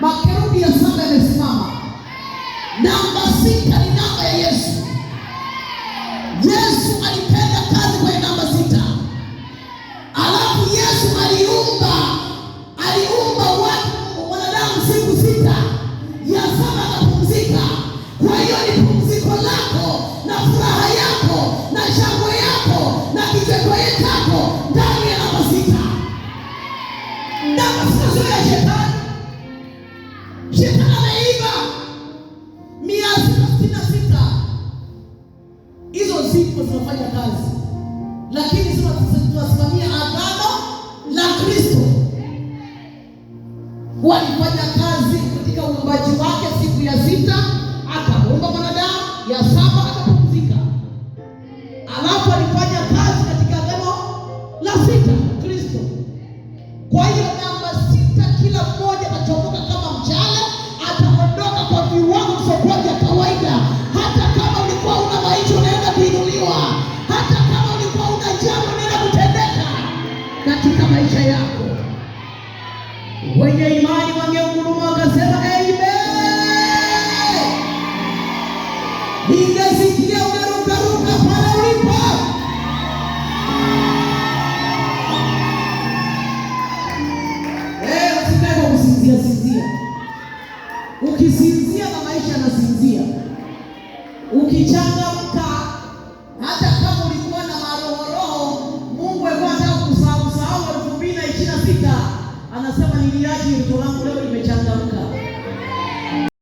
Makerubi ya saba yamesimama. Namba sita ni namba ya Yesu. Yesu alipenda kazi kwenye namba sita, alafu Yesu aliumba aliumba watu wanadamu siku sita, ya saba akapumzika. Kwa hiyo ni pumziko lako na furaha yako na shangwe yako na kicheko chako ndani ya namba sita. Namba sita sio ya shetani. sipo zinafanya kazi, lakini tunasimamia agano la Kristo. Walifanya kazi katika uumbaji wake, siku ya sita akamuumba mwanadamu, ya saba maisha yako. Wenye imani wangehuruma wakasema ulipo. Eh, ukisinzia na maisha yanasinzia, ukichanga akili yake ilikuwa kule imechangamka.